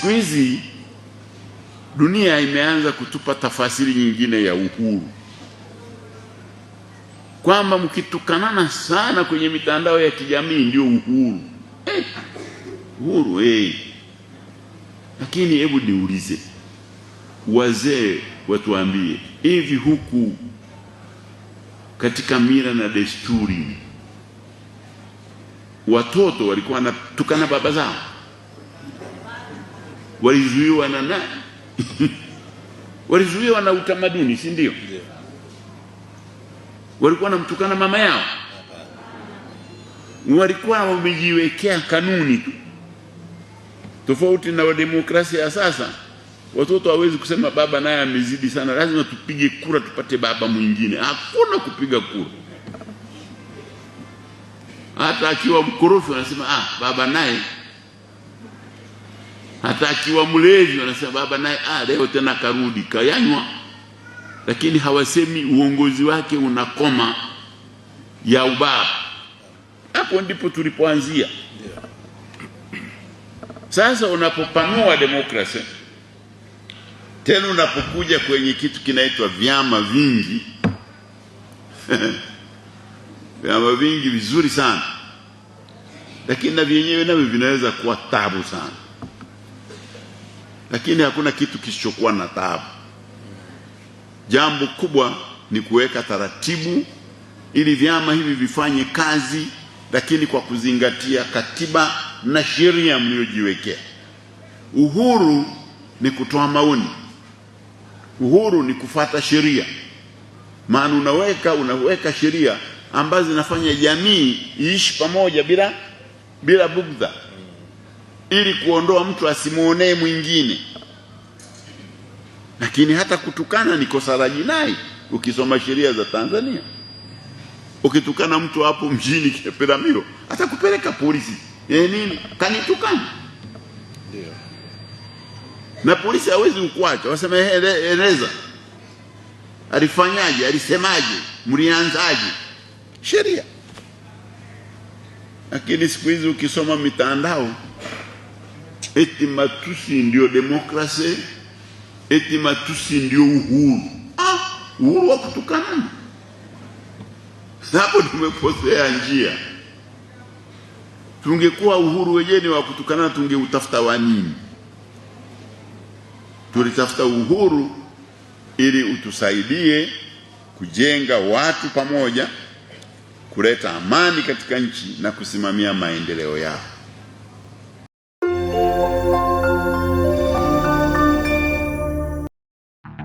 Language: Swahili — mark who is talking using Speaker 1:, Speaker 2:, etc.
Speaker 1: Siku hizi dunia imeanza kutupa tafasiri nyingine ya uhuru, kwamba mkitukanana sana kwenye mitandao ya kijamii ndio uhuru. Eh, uhuru eh. Lakini hebu niulize, wazee watuambie, hivi huku katika mira na desturi watoto walikuwa wanatukana baba zao? walizuiwa na nani? walizuiwa na utamaduni, si ndio? Walikuwa namtukana mama yao, walikuwa wamejiwekea kanuni tu, tofauti na demokrasia ya sasa. Watoto hawezi kusema baba naye amezidi sana, lazima tupige kura tupate baba mwingine. Hakuna kupiga kura. Hata akiwa mkorofi anasema ah, baba naye hata akiwa mlevi wanasema baba naye ah, leo tena karudi kayanywa, lakini hawasemi uongozi wake unakoma ya ubaba. Hapo ndipo tulipoanzia. Sasa unapopanua demokrasi tena, unapokuja kwenye kitu kinaitwa vyama vingi vyama vingi vizuri sana, lakini na vyenyewe navyo vinaweza kuwa tabu sana lakini hakuna kitu kisichokuwa na taabu. Jambo kubwa ni kuweka taratibu ili vyama hivi vifanye kazi, lakini kwa kuzingatia katiba na sheria mliojiwekea. Uhuru ni kutoa maoni, uhuru ni kufata sheria, maana unaweka unaweka sheria ambazo zinafanya jamii iishi pamoja bila bila bugdha ili kuondoa mtu asimuonee mwingine. Lakini hata kutukana ni kosa la jinai, ukisoma sheria za Tanzania. Ukitukana mtu hapo mjini hata kupeleka polisi. E, nini kanitukana? Na polisi hawezi ukuacha, wasema eleza alifanyaje, alisemaje, mlianzaje? Sheria. Lakini siku hizi ukisoma mitandao eti matusi ndio demokrasi, eti matusi ndio uhuru. Ah, uhuru wa kutukanana? Hapo tumeposea njia. Tungekuwa uhuru wenyewe wa kutukanana, tungeutafuta wa nini? Tulitafuta uhuru ili utusaidie kujenga watu pamoja, kuleta amani katika nchi na kusimamia maendeleo yao.